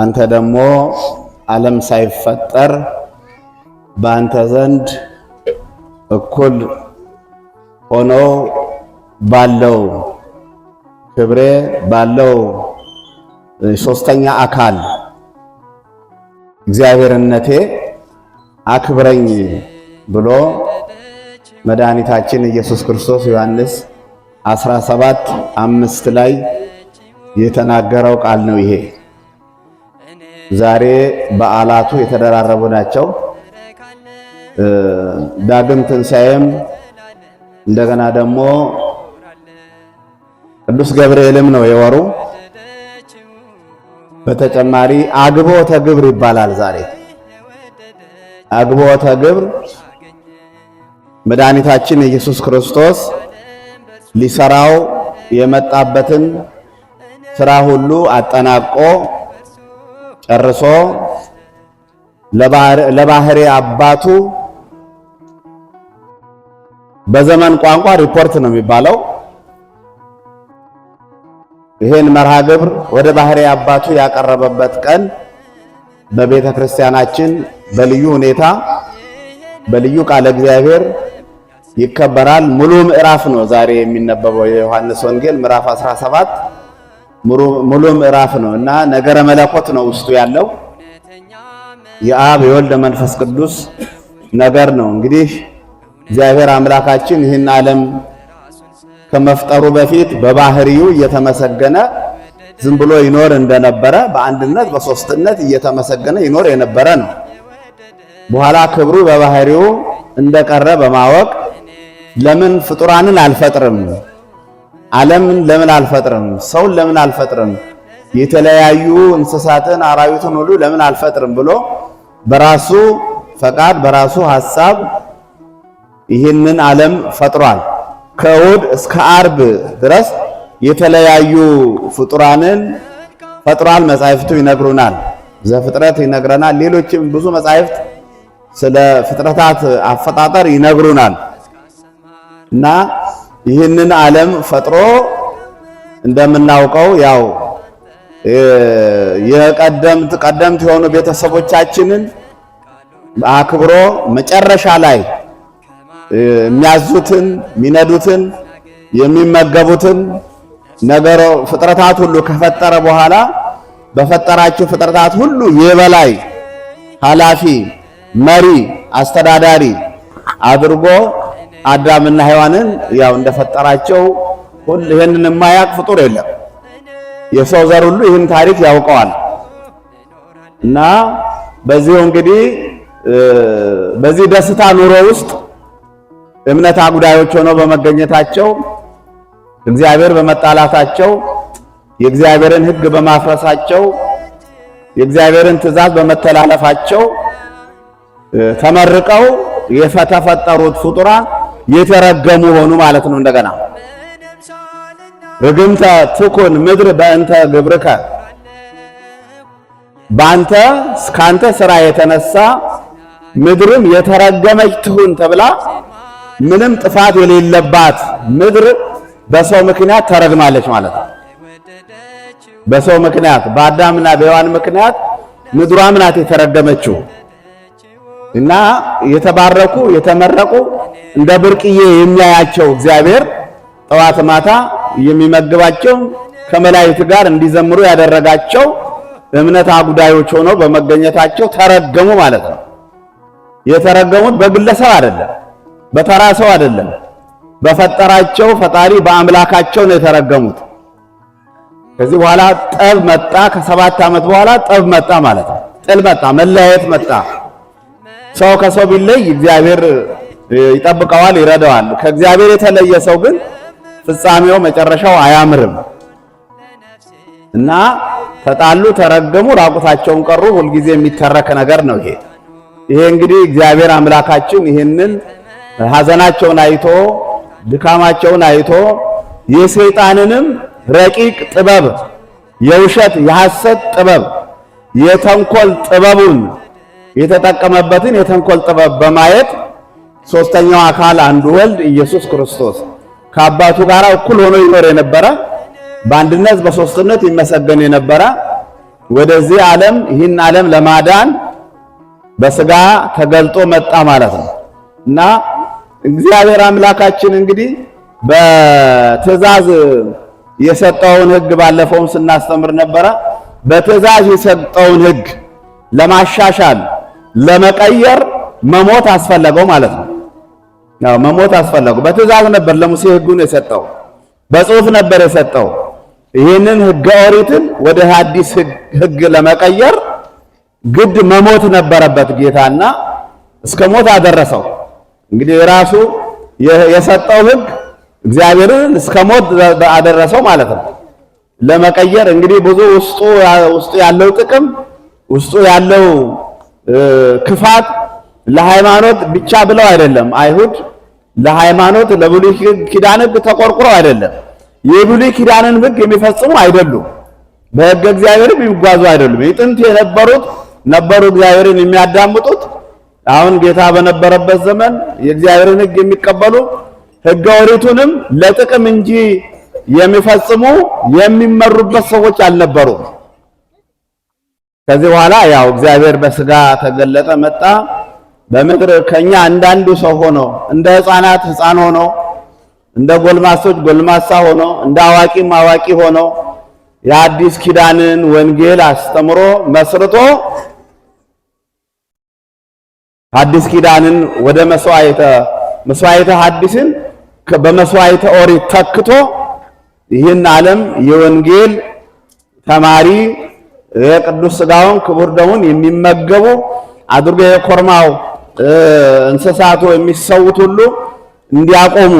አንተ ደግሞ ዓለም ሳይፈጠር በአንተ ዘንድ እኩል ሆኖ ባለው ክብሬ ባለው ሶስተኛ አካል እግዚአብሔርነቴ አክብረኝ ብሎ መድኃኒታችን ኢየሱስ ክርስቶስ ዮሐንስ 17 አምስት ላይ የተናገረው ቃል ነው ይሄ። ዛሬ በዓላቱ የተደራረቡ ናቸው። ዳግም ትንሣኤም እንደገና ደግሞ ቅዱስ ገብርኤልም ነው የወሩ። በተጨማሪ አግቦተ ግብር ይባላል። ዛሬ አግቦተ ግብር መድኃኒታችን ኢየሱስ ክርስቶስ ሊሰራው የመጣበትን ስራ ሁሉ አጠናቆ ጨርሶ ለባህሬ አባቱ በዘመን ቋንቋ ሪፖርት ነው የሚባለው። ይህን መርሃ ግብር ወደ ባህሬ አባቱ ያቀረበበት ቀን በቤተ ክርስቲያናችን በልዩ ሁኔታ በልዩ ቃለ እግዚአብሔር ይከበራል። ሙሉ ምዕራፍ ነው ዛሬ የሚነበበው የዮሐንስ ወንጌል ምዕራፍ 17 ሙሉ ምዕራፍ ነው እና ነገረ መለኮት ነው ውስጡ ያለው የአብ የወልድ መንፈስ ቅዱስ ነገር ነው። እንግዲህ እግዚአብሔር አምላካችን ይህን ዓለም ከመፍጠሩ በፊት በባህሪው እየተመሰገነ ዝም ብሎ ይኖር እንደነበረ በአንድነት በሶስትነት እየተመሰገነ ይኖር የነበረ ነው። በኋላ ክብሩ በባህሪው እንደቀረ በማወቅ ለምን ፍጡራንን አልፈጥርም ዓለምን ለምን አልፈጥርም? ሰውን ለምን አልፈጥርም? የተለያዩ እንስሳትን አራዊትን ሁሉ ለምን አልፈጥርም ብሎ በራሱ ፈቃድ በራሱ ሐሳብ ይህንን ዓለም ፈጥሯል። ከእሑድ እስከ አርብ ድረስ የተለያዩ ፍጡራንን ፈጥሯል። መጻሕፍቱ ይነግሩናል፣ ዘፍጥረት ይነግረናል። ሌሎችም ብዙ መጻሕፍት ስለ ፍጥረታት አፈጣጠር ይነግሩናል እና ይህንን ዓለም ፈጥሮ እንደምናውቀው ያው የቀደምት ቀደምት የሆኑ ቤተሰቦቻችንን አክብሮ መጨረሻ ላይ የሚያዙትን የሚነዱትን የሚመገቡትን ነገር ፍጥረታት ሁሉ ከፈጠረ በኋላ በፈጠራቸው ፍጥረታት ሁሉ የበላይ ኃላፊ፣ መሪ፣ አስተዳዳሪ አድርጎ አዳምና ሔዋንን ያው እንደፈጠራቸው ሁሉ ይሄንን የማያውቅ ፍጡር የለም። የሰው ዘር ሁሉ ይህን ታሪክ ያውቀዋል። እና በዚሁ እንግዲህ በዚህ ደስታ ኑሮ ውስጥ እምነት አጉዳዮች ሆነው በመገኘታቸው እግዚአብሔር በመጣላታቸው የእግዚአብሔርን ሕግ በማፍረሳቸው የእግዚአብሔርን ትእዛዝ በመተላለፋቸው ተመርቀው የተፈጠሩት ፍጡራን የተረገሙ ሆኑ ማለት ነው። እንደገና ርግምተ ትኩን ምድር በእንተ ግብርከ ባንተ ካንተ ስራ የተነሳ ምድርም የተረገመች ትሁን ተብላ ምንም ጥፋት የሌለባት ምድር በሰው ምክንያት ተረግማለች ማለት ነው። በሰው ምክንያት በአዳምና በሔዋን ምክንያት ምድሯም ናት የተረገመችው እና የተባረኩ የተመረቁ እንደ ብርቅዬ የሚያያቸው እግዚአብሔር ጠዋት ማታ የሚመግባቸው ከመላእክት ጋር እንዲዘምሩ ያደረጋቸው እምነት አጉዳዮች ሆነው በመገኘታቸው ተረገሙ ማለት ነው። የተረገሙት በግለሰብ አይደለም፣ በተራ ሰው አይደለም። በፈጠራቸው ፈጣሪ በአምላካቸው ነው የተረገሙት። ከዚህ በኋላ ጠብ መጣ። ከሰባት ዓመት በኋላ ጠብ መጣ ማለት ነው። ጥል መጣ፣ መለያየት መጣ። ሰው ከሰው ቢለይ እግዚአብሔር ይጠብቀዋል፣ ይረዳዋል። ከእግዚአብሔር የተለየ ሰው ግን ፍጻሜው መጨረሻው አያምርም እና ተጣሉ፣ ተረገሙ፣ ራቁታቸውን ቀሩ። ሁልጊዜ የሚተረክ ነገር ነው ይሄ። ይሄ እንግዲህ እግዚአብሔር አምላካችን ይህንን ሐዘናቸውን አይቶ ድካማቸውን አይቶ የሰይጣንንም ረቂቅ ጥበብ የውሸት የሐሰት ጥበብ የተንኮል ጥበቡን የተጠቀመበትን የተንኮል ጥበብ በማየት ሶስተኛው አካል አንዱ ወልድ ኢየሱስ ክርስቶስ ከአባቱ ጋር እኩል ሆኖ ይኖር የነበረ በአንድነት በሶስትነት ይመሰገን የነበረ ወደዚህ ዓለም ይህን ዓለም ለማዳን በስጋ ተገልጦ መጣ ማለት ነው እና እግዚአብሔር አምላካችን እንግዲህ በትእዛዝ የሰጠውን ሕግ ባለፈውም ስናስተምር ነበረ። በትእዛዝ የሰጠውን ሕግ ለማሻሻል ለመቀየር መሞት አስፈለገው ማለት ነው። መሞት አስፈለጉ። በትእዛዝ ነበር ለሙሴ ህጉን የሰጠው በጽሁፍ ነበር የሰጠው። ይህንን ህገ ኦሪትን ወደ ሐዲስ ህግ ለመቀየር ግድ መሞት ነበረበት ጌታና እስከ ሞት አደረሰው። እንግዲህ ራሱ የሰጠው ህግ እግዚአብሔርን እስከ ሞት አደረሰው ማለት ነው። ለመቀየር እንግዲህ ብዙ ውስጡ ያለው ጥቅም ውስጡ ያለው ክፋት ለሃይማኖት ብቻ ብለው አይደለም አይሁድ ለሃይማኖት ለብሉይ ኪዳን ሕግ ተቆርቁረው አይደለም የብሉይ ኪዳንን ህግ የሚፈጽሙ አይደሉም። በሕገ እግዚአብሔርም የሚጓዙ አይደሉም። የጥንት የነበሩት ነበሩ እግዚአብሔርን የሚያዳምጡት አሁን ጌታ በነበረበት ዘመን የእግዚአብሔርን ህግ የሚቀበሉ ህገ ኦሪቱንም ለጥቅም እንጂ የሚፈጽሙ የሚመሩበት ሰዎች አልነበሩም። ከዚህ በኋላ ያው እግዚአብሔር በስጋ ተገለጠ መጣ። በምድር ከኛ አንዳንዱ ሰው ሆኖ እንደ ህፃናት ህፃን ሆኖ እንደ ጎልማሶች ጎልማሳ ሆኖ እንደ አዋቂም አዋቂ ሆኖ የአዲስ ኪዳንን ወንጌል አስተምሮ መስርቶ አዲስ ኪዳንን ወደ መስዋዕተ መስዋዕተ ሐዲስን በመስዋዕተ ኦሪት ተክቶ ይህን ዓለም የወንጌል ተማሪ የቅዱስ ስጋውን ክቡር ደሙን የሚመገቡ አድርጎ የኮርማው እንስሳቱ የሚሰውት ሁሉ እንዲያቆሙ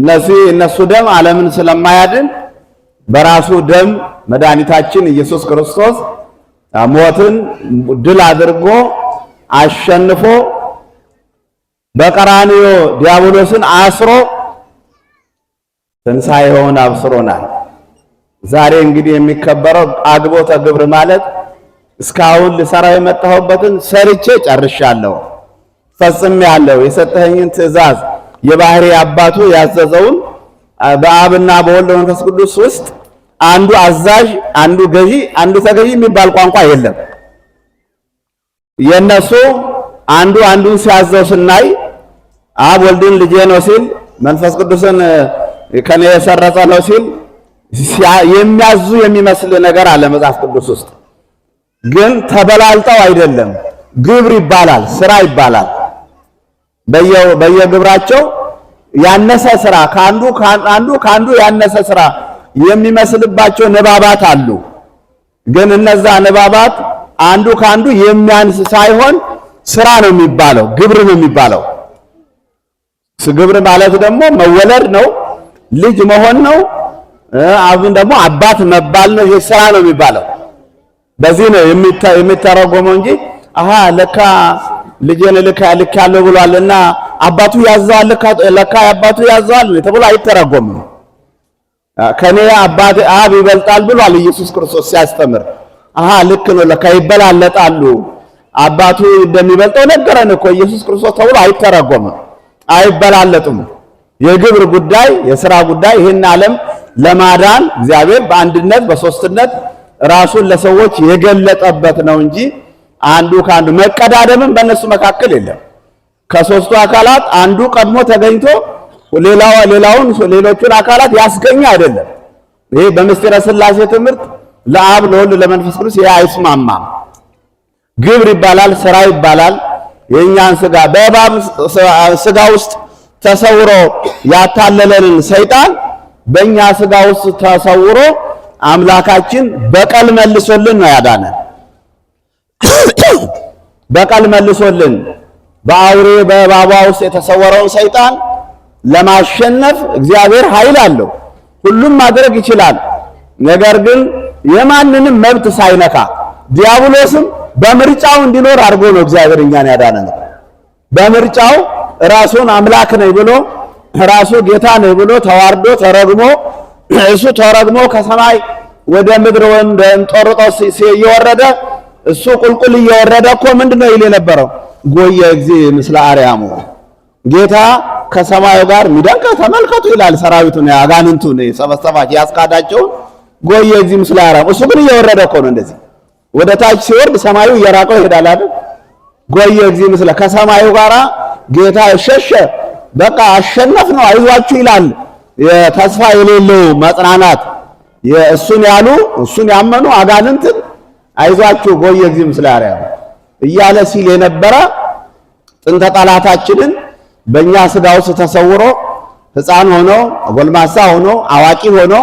እነዚህ እነሱ ደም ዓለምን ስለማያድን በራሱ ደም መድኃኒታችን ኢየሱስ ክርስቶስ ሞትን ድል አድርጎ አሸንፎ በቀራንዮ ዲያብሎስን አስሮ ትንሣኤውን አብስሮናል። ዛሬ እንግዲህ የሚከበረው አግቦተ ግብር ማለት እስካሁን ልሰራው የመጣሁበትን ሰርቼ ጨርሻለሁ። ያለው የሰጠኸኝን ትእዛዝ የባህሪ አባቱ ያዘዘውን በአብና በወልድ መንፈስ ቅዱስ ውስጥ አንዱ አዛዥ፣ አንዱ ገዢ፣ አንዱ ተገዢ የሚባል ቋንቋ የለም። የእነሱ አንዱ አንዱን ሲያዘው ስናይ አብ ወልድን ልጄ ነው ሲል፣ መንፈስ ቅዱስን ከኔ የሰረጸ ነው ሲል የሚያዙ የሚመስል ነገር አለ መጽሐፍ ቅዱስ ውስጥ ግን ተበላልጠው አይደለም። ግብር ይባላል፣ ስራ ይባላል። በየግብራቸው ያነሰ ስራ ካንዱ አንዱ ካንዱ ያነሰ ስራ የሚመስልባቸው ንባባት አሉ። ግን እነዛ ንባባት አንዱ ካንዱ የሚያንስ ሳይሆን ስራ ነው የሚባለው፣ ግብር ነው የሚባለው። ግብር ማለት ደግሞ መወለድ ነው፣ ልጅ መሆን ነው። አሁን ደግሞ አባት መባል ነው። ይሄ ስራ ነው የሚባለው። በዚህ ነው የሚተረጎመው እንጂ አሃ ለካ ልጄን ልካ ልካ ያለው ብሏልና አባቱ ያዘዋል ለካ አባቱ ያዘዋል ተብሎ አይተረጎምም። ከኔ አባት አብ ይበልጣል ብሏል ኢየሱስ ክርስቶስ ሲያስተምር። አሃ ልክ ነው ለካ ይበላለጣሉ። አባቱ እንደሚበልጠው ነገረን እኮ ኢየሱስ ክርስቶስ ተብሎ አይተረጎምም። አይበላለጡም። የግብር ጉዳይ፣ የሥራ ጉዳይ ይህን ዓለም ለማዳን እግዚአብሔር በአንድነት በሶስትነት ራሱን ለሰዎች የገለጠበት ነው እንጂ አንዱ ከአንዱ መቀዳደምም በእነሱ መካከል የለም። ከሶስቱ አካላት አንዱ ቀድሞ ተገኝቶ ሌላው ሌላውን ሌሎቹን አካላት ያስገኘ አይደለም። ይሄ በምስጢረ ስላሴ ትምህርት ለአብ ለወልድ ለመንፈስ ቅዱስ ይሄ አይስማማም። ግብር ይባላል፣ ስራ ይባላል። የእኛን ስጋ በእባብ ስጋ ውስጥ ተሰውሮ ያታለለንን ሰይጣን በእኛ ስጋ ውስጥ ተሰውሮ አምላካችን በቀል መልሶልን ነው ያዳነን። በቀል መልሶልን በአውሬ በእባቧ ውስጥ የተሰወረውን ሰይጣን ለማሸነፍ እግዚአብሔር ኃይል አለው። ሁሉም ማድረግ ይችላል። ነገር ግን የማንንም መብት ሳይነካ ዲያብሎስም በምርጫው እንዲኖር አድርጎ ነው እግዚአብሔር እኛን ያዳነን። በምርጫው ራሱን አምላክ ነኝ ብሎ ራሱ ጌታ ነኝ ብሎ ተዋርዶ ተረግሞ እሱ ተረግሞ ከሰማይ ወደ ምድር ወይም እንጦርጦስ እየወረደ እሱ ቁልቁል እየወረደ እኮ ምንድነው ይል የነበረው? ጎየ እግዚ ምስለ አርያሙ ጌታ ከሰማዩ ጋር ሚደንቀ ተመልከቱ ይላል። ሰራዊቱን አጋንንቱን ሰበሰባች ያስካዳቸውን ጎየ እግዚ ምስለ አርያሙ። እሱ ግን እየወረደ እኮ ነው እንደዚህ ወደ ታች ሲወርድ ሰማዩ እየራቀው ይሄዳል አይደል? ጎየ እግዚ ምስለ ከሰማዩ ጋራ ጌታ ሸሸ። በቃ አሸነፍ ነው አይዟችሁ ይላል። የተስፋ የሌለው መጽናናት የእሱን ያሉ እሱን ያመኑ አጋንንትን አይዟችሁ ቦየ እግዚእ ምስለ አርአያሁ እያለ ሲል የነበረ ጥንተ ጠላታችንን በእኛ ስጋ ውስጥ ተሰውሮ ሕፃን ሆኖ ጎልማሳ ሆኖ አዋቂ ሆኖ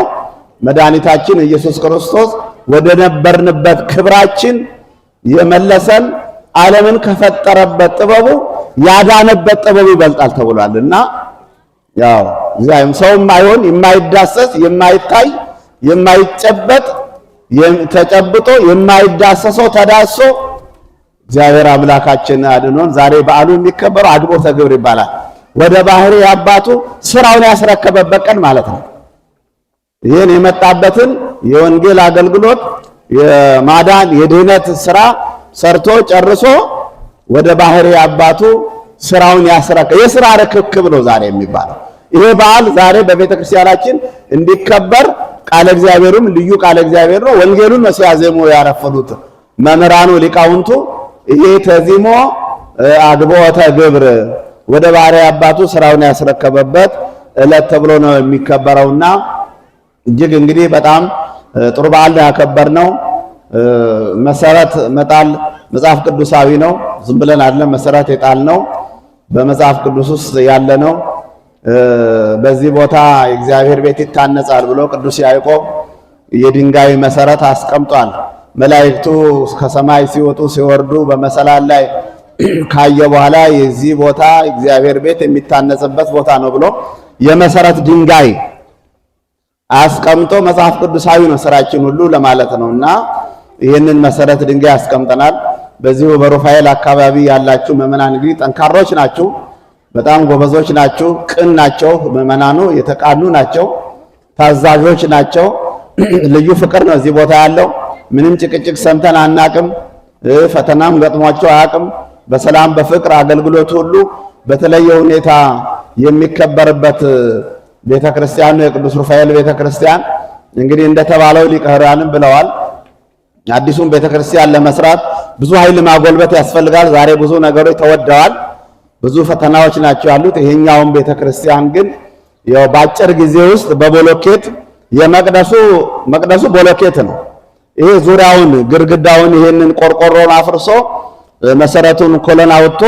መድኃኒታችን ኢየሱስ ክርስቶስ ወደ ነበርንበት ክብራችን የመለሰን ዓለምን ከፈጠረበት ጥበቡ ያዳነበት ጥበቡ ይበልጣል ተብሏል እና ያው ሰው የማይሆን የማይዳሰስ የማይታይ የማይጨበጥ ተጨብጦ የማይዳሰሰው ተዳሶ እግዚአብሔር አምላካችን አድኖን ዛሬ በዓሉ የሚከበረው አግቦተ ግብር ይባላል። ወደ ባህሪ አባቱ ስራውን ያስረከበበት ቀን ማለት ነው። ይህን የመጣበትን የወንጌል አገልግሎት የማዳን የድህነት ስራ ሰርቶ ጨርሶ ወደ ባህሪ አባቱ ስራውን ያስረከ የስራ ርክክብ ነው ዛሬ የሚባለው። ይሄ በዓል ዛሬ በቤተክርስቲያናችን እንዲከበር ቃለ እግዚአብሔሩም ልዩ ቃለ እግዚአብሔር ነው። ወንጌሉን ነው ሲያዜሙ ያረፈሉት መምህራኑ ሊቃውንቱ። ይሄ ተዚሞ አግብኦተ ግብር ወደ ባሪያ አባቱ ስራውን ያስረከበበት ዕለት ተብሎ ነው የሚከበረውና እጅግ እንግዲህ በጣም ጥሩ በዓል ነው ያከበርነው። መሰረት መጣል መጽሐፍ ቅዱሳዊ ነው። ዝም ብለን አይደለም መሰረት የጣል ነው፣ በመጽሐፍ ቅዱስ ውስጥ ያለ ነው። በዚህ ቦታ የእግዚአብሔር ቤት ይታነጻል ብሎ ቅዱስ ያዕቆብ የድንጋይ መሰረት አስቀምጧል። መላእክቱ ከሰማይ ሲወጡ ሲወርዱ በመሰላል ላይ ካየ በኋላ የዚህ ቦታ እግዚአብሔር ቤት የሚታነጽበት ቦታ ነው ብሎ የመሰረት ድንጋይ አስቀምጦ መጽሐፍ ቅዱሳዊ ነው ስራችን ሁሉ ለማለት ነው እና ይህንን መሰረት ድንጋይ አስቀምጠናል። በዚሁ በሩፋኤል አካባቢ ያላችሁ ምዕመናን እንግዲህ ጠንካሮች ናችሁ። በጣም ጎበዞች ናቸው። ቅን ናቸው፣ ምዕመናኑ የተቃኑ ናቸው፣ ታዛዦች ናቸው። ልዩ ፍቅር ነው እዚህ ቦታ ያለው። ምንም ጭቅጭቅ ሰምተን አናቅም። ፈተናም ገጥሟቸው አያቅም። በሰላም በፍቅር አገልግሎት ሁሉ በተለየ ሁኔታ የሚከበርበት ቤተ ክርስቲያን ነው የቅዱስ ሩፋኤል ቤተ ክርስቲያን። እንግዲህ እንደተባለው ሊቀ ብለዋል አዲሱን ቤተ ክርስቲያን ለመስራት ብዙ ኃይል ማጎልበት ያስፈልጋል። ዛሬ ብዙ ነገሮች ተወደዋል። ብዙ ፈተናዎች ናቸው ያሉት። ይሄኛውን ቤተክርስቲያን ግን ያው በአጭር ጊዜ ውስጥ በቦሎኬት የመቅደሱ መቅደሱ ቦሎኬት ነው። ይሄ ዙሪያውን ግርግዳውን ይሄንን ቆርቆሮን አፍርሶ መሰረቱን ኮለን አውጥቶ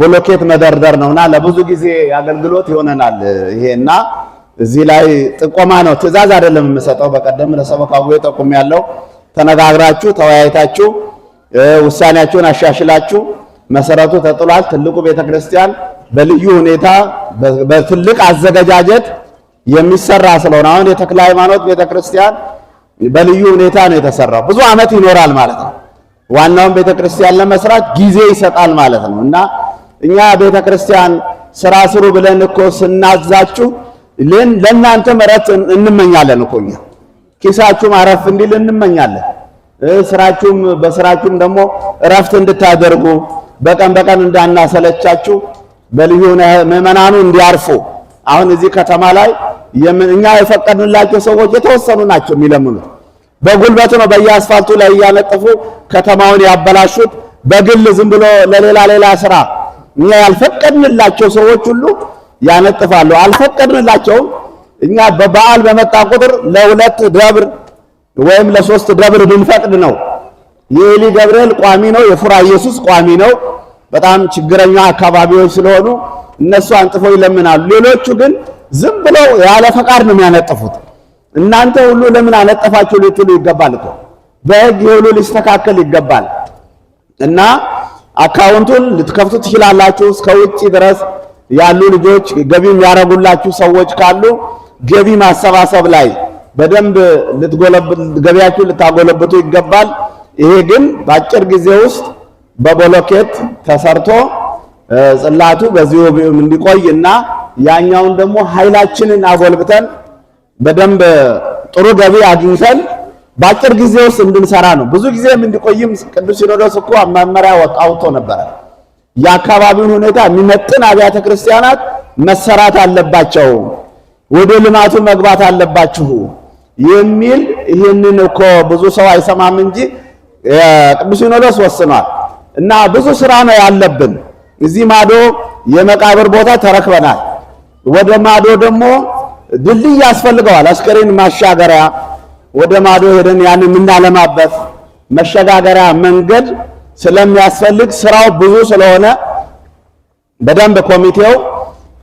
ቦሎኬት መደርደር ነውና ለብዙ ጊዜ አገልግሎት ይሆነናል ይሄና እዚህ ላይ ጥቆማ ነው፣ ትእዛዝ አይደለም የምሰጠው። በቀደም ለሰበካው ጠቁም ያለው ተነጋግራችሁ ተወያይታችሁ ውሳኔያችሁን አሻሽላችሁ መሰረቱ ተጥሏል። ትልቁ ቤተክርስቲያን በልዩ ሁኔታ በትልቅ አዘገጃጀት የሚሰራ ስለሆነ አሁን የተክለ ሃይማኖት ቤተክርስቲያን በልዩ ሁኔታ ነው የተሰራው። ብዙ ዓመት ይኖራል ማለት ነው። ዋናውን ቤተክርስቲያን ለመስራት ጊዜ ይሰጣል ማለት ነው እና እኛ ቤተክርስቲያን ስራ ስሩ ብለን እኮ ስናዛችሁ ለእናንተ ምሕረት እንመኛለን እኮ እኛ ኪሳችሁም አረፍ እንዲል እንመኛለን። ስራችሁም በስራችሁም ደግሞ እረፍት እንድታደርጉ በቀን በቀን እንዳናሰለቻችሁ በልዩ ምዕመናኑ እንዲያርፉ አሁን እዚህ ከተማ ላይ እኛ የፈቀድንላቸው ሰዎች የተወሰኑ ናቸው የሚለምኑት። በጉልበት ነው በየአስፋልቱ ላይ እያነጠፉ ከተማውን ያበላሹት። በግል ዝም ብሎ ለሌላ ሌላ ስራ እኛ ያልፈቀድንላቸው ሰዎች ሁሉ ያነጥፋሉ። አልፈቀድንላቸውም። እኛ በበዓል በመጣ ቁጥር ለሁለት ደብር ወይም ለሶስት ደብር ብንፈቅድ ነው የኤሊ ገብርኤል ቋሚ ነው። የፉራ ኢየሱስ ቋሚ ነው። በጣም ችግረኛ አካባቢዎች ስለሆኑ እነሱ አንጥፈው ይለምናሉ። ሌሎቹ ግን ዝም ብለው ያለ ፈቃድ ነው የሚያነጥፉት። እናንተ ሁሉ ለምን አነጠፋችሁ ልትሉ ይገባል እኮ በህግ የሁሉ ሊስተካከል ይገባል። እና አካውንቱን ልትከፍቱ ትችላላችሁ። እስከ ውጭ ድረስ ያሉ ልጆች ገቢ የሚያረጉላችሁ ሰዎች ካሉ ገቢ ማሰባሰብ ላይ በደንብ ልትጎለብ ገቢያችሁ ልታጎለብቱ ይገባል። ይሄ ግን በአጭር ጊዜ ውስጥ በቦሎኬት ተሰርቶ ጽላቱ በዚሁ እንዲቆይና ያኛውን ደግሞ ኃይላችንን አጎልብተን በደንብ ጥሩ ገቢ አግኝተን በአጭር ጊዜ ውስጥ እንድንሰራ ነው። ብዙ ጊዜ እንዲቆይም ቅዱስ ሲኖዶስ እኮ መመሪያ አውጥቶ ነበረ። የአካባቢውን ሁኔታ የሚመጥን አብያተ ክርስቲያናት መሰራት አለባቸው፣ ወደ ልማቱ መግባት አለባችሁ የሚል ይህንን እኮ ብዙ ሰው አይሰማም እንጂ ቅዱስ ሲኖዶስ ወስኗል። እና ብዙ ስራ ነው ያለብን። እዚህ ማዶ የመቃብር ቦታ ተረክበናል። ወደ ማዶ ደግሞ ድልድይ ያስፈልገዋል። አስከሬን ማሻገሪያ ወደ ማዶ ሄደን ያን የምናለማበት መሸጋገሪያ መንገድ ስለሚያስፈልግ ስራው ብዙ ስለሆነ በደንብ ኮሚቴው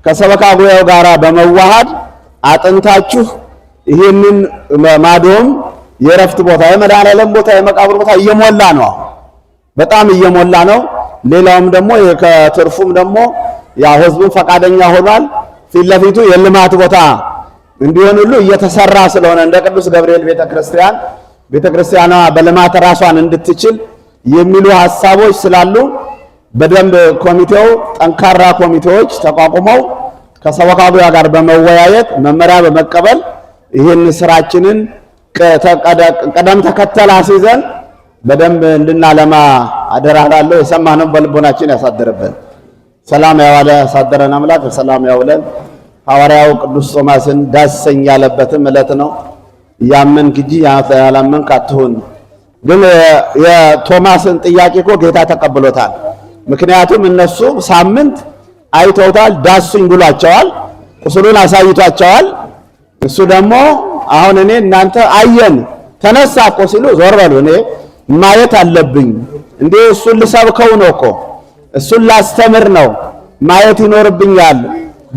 ከሰበካ ጉባኤው ጋራ በመዋሃድ አጥንታችሁ ይህንን ማዶም የእረፍት ቦታ የመድኃኔዓለም ቦታ የመቃብር ቦታ እየሞላ ነው። በጣም እየሞላ ነው። ሌላውም ደግሞ ከትርፉም ደግሞ ያው ህዝቡም ፈቃደኛ ሆኗል። ፊት ለፊቱ የልማት ቦታ እንዲሆን ሁሉ እየተሰራ ስለሆነ እንደ ቅዱስ ገብርኤል ቤተክርስቲያን ቤተክርስቲያኗ በልማት ራሷን እንድትችል የሚሉ ሀሳቦች ስላሉ በደንብ ኮሚቴው ጠንካራ ኮሚቴዎች ተቋቁመው ከሰበካ ጉባኤ ጋር በመወያየት መመሪያ በመቀበል ይህን ስራችንን ቀደም ተከተል አስይዘን በደንብ እንድናለማ አደራ እላለሁ። የሰማነው በልቦናችን ያሳደረብን ሰላም ያዋለ ያሳደረን አምላክ ሰላም ያውለን። ሐዋርያው ቅዱስ ቶማስን ዳሰኝ ያለበትም ዕለት ነው። ያመንክ እንጂ ያላመንክ ካትሁን ግን የቶማስን ጥያቄ እኮ ጌታ ተቀብሎታል። ምክንያቱም እነሱ ሳምንት አይተውታል፣ ዳሱኝ ብሏቸዋል፣ ቁስሉን አሳይቷቸዋል። እሱ ደግሞ አሁን እኔ እናንተ አየን ተነሳ እኮ ሲሉ ዞር በሉ እኔ ማየት አለብኝ እንዴ እሱን ልሰብከው ነው እኮ እሱን ላስተምር ነው ማየት ይኖርብኛል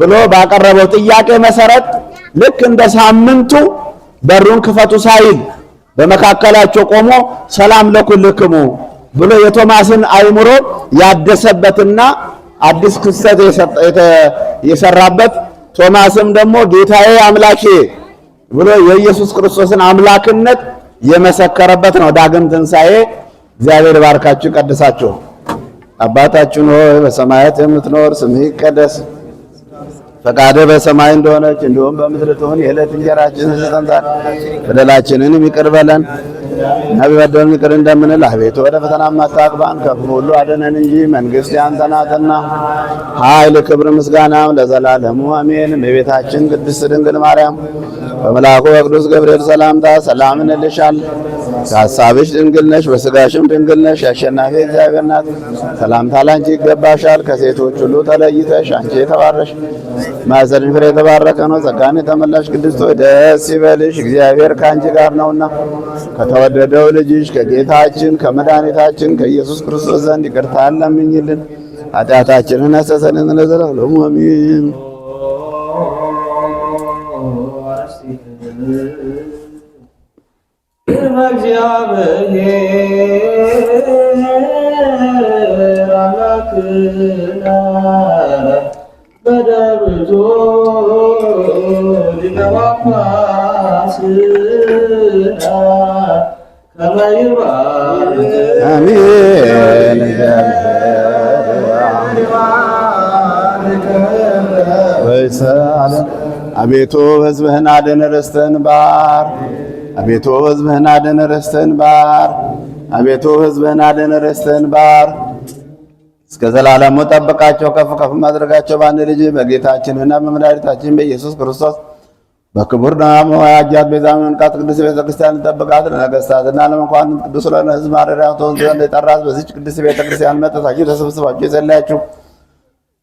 ብሎ ባቀረበው ጥያቄ መሰረት ልክ እንደ ሳምንቱ በሩን ክፈቱ ሳይል በመካከላቸው ቆሞ ሰላም ለኩልክሙ ብሎ የቶማስን አይምሮ ያደሰበትና አዲስ ክስተት የሰራበት ቶማስም ደግሞ ጌታዬ አምላኬ ብሎ የኢየሱስ ክርስቶስን አምላክነት የመሰከረበት ነው። ዳግም ትንሣኤ። እግዚአብሔር ባርካችሁ ይቀድሳችሁ አባታችን ሆይ በሰማያት የምትኖር ስምህ ይቀደስ ፈቃደ በሰማይ እንደሆነች እንዲሁም በምድር ትሁን። የዕለት እንጀራችንን ስጠን ዛሬ፣ በደላችንንም ይቅር በለን እኛ በበደሉን ይቅር እንደምንል፣ አቤቱ ወደ ፈተና አታግባን፣ ከክፉ ሁሉ አድነን እንጂ መንግሥት ያንተ ናትና፣ ኃይል፣ ክብር፣ ምስጋናም ለዘላለሙ አሜን። እመቤታችን ቅድስት ድንግል ማርያም በመልአኩ በቅዱስ ገብርኤል ሰላምታ ሰላም እንልሻል። ከሀሳብሽ ድንግል ነሽ፣ በስጋሽም ድንግል ነሽ። የአሸናፊ እግዚአብሔር ናት። ሰላምታ ላንቺ ይገባሻል። ከሴቶች ሁሉ ተለይተሽ አንቺ የተባረሽ ማኅፀንሽ ፍሬ የተባረከ ነው። ጸጋን የተመላሽ ቅድስት ሆይ ደስ ይበልሽ፣ እግዚአብሔር ከአንቺ ጋር ነውና ከተወደደው ልጅሽ ከጌታችን ከመድኃኒታችን ከኢየሱስ ክርስቶስ ዘንድ ይቅርታ ለምኝልን ኃጢአታችንን ያስተሰርይልን ለዘላለሙ አሜን። በእግዚአብሔር አምላክና በደብዞ ሊቀጳጳስና ከመይባል አሜን አቤቱ ሕዝብህን አድን ርስትህን ባር። አቤቱ ሕዝብህን አድን ርስትህን ባር። አቤቱ ሕዝብህን አድን ርስትህን ባር። እስከ ዘላለሙ ጠብቃቸው፣ ከፍ ከፍ ማድረጋቸው በአንድ ልጅ በጌታችንና በመድኃኒታችን በኢየሱስ ክርስቶስ በክቡር ናሙ አጃት ቤዛ መንቃት ቅዱስ ቤተክርስቲያን ጠብቃት። ለነገስታትና ለመኳንንት ቅዱስ ለሆነ ሕዝብ ማደሪያ ትሆን ዘንድ የጠራት በዚች ቅዱስ ቤተክርስቲያን መጠታችሁ ተሰብስባችሁ የጸለያችሁ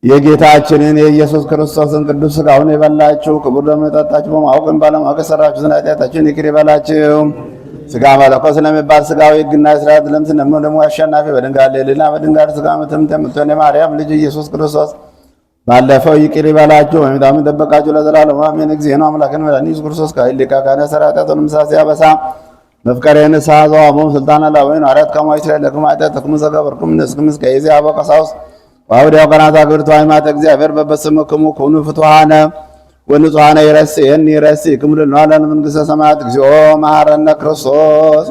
የጌታችንን የኢየሱስ ክርስቶስን ቅዱስ ሥጋውን የበላችሁ ክቡር ደሙን የጠጣችሁ በማወቅም ባለማወቅ የሰራችሁ ስን ኃጢአታችሁን ይቅር ይበላችሁ። ሥጋ መለኮት ስለሚባል ሥጋዊ ሕግና የሥርዓት ለምስ ስለሚሆን ደግሞ አሸናፊ በድንጋል ሌልና በድንጋል ሥጋ ምትምት የምትሆን የማርያም ልጅ ኢየሱስ ክርስቶስ ባለፈው ይቅር ይበላችሁ። በሚዳም ጠበቃችሁ ለዘላለሙ አሜን። እግዚእነ አምላክን መድኃኒት ኢየሱስ ክርስቶስ ከሊቃ ካነ ሰራጠቱን ምሳ ሲያበሳ መፍቀሬ ንስሐ ዘዋሞም ስልጣና ላወይን አርያት ከማ ይስራኤል ለክማ ኃጢአት ተክሙ ዘገበርኩም ንስክምስ ከይዜ አበቀሳውስ ወአውደው ቀናት አክብርቱ አይማተ እግዚአብሔር በበስምክሙ ኩኑ ይረሲ ወንጹሃነ ይረስየን ክምሉ ልንዋለ ለመንግሥተ ሰማያት እግዚኦ መሐረነ ክርስቶስ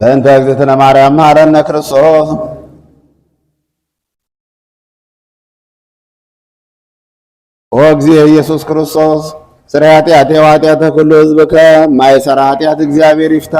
በእንተ እግዝእትነ ማርያም መሐረነ ክርስቶስ ኦ እግዚእ ኢየሱስ ክርስቶስ ስራ ኃጢአቴ ወኃጢአተ ኩሉ ሕዝብከ ማይሰራ ኃጢአት እግዚአብሔር ይፍታ።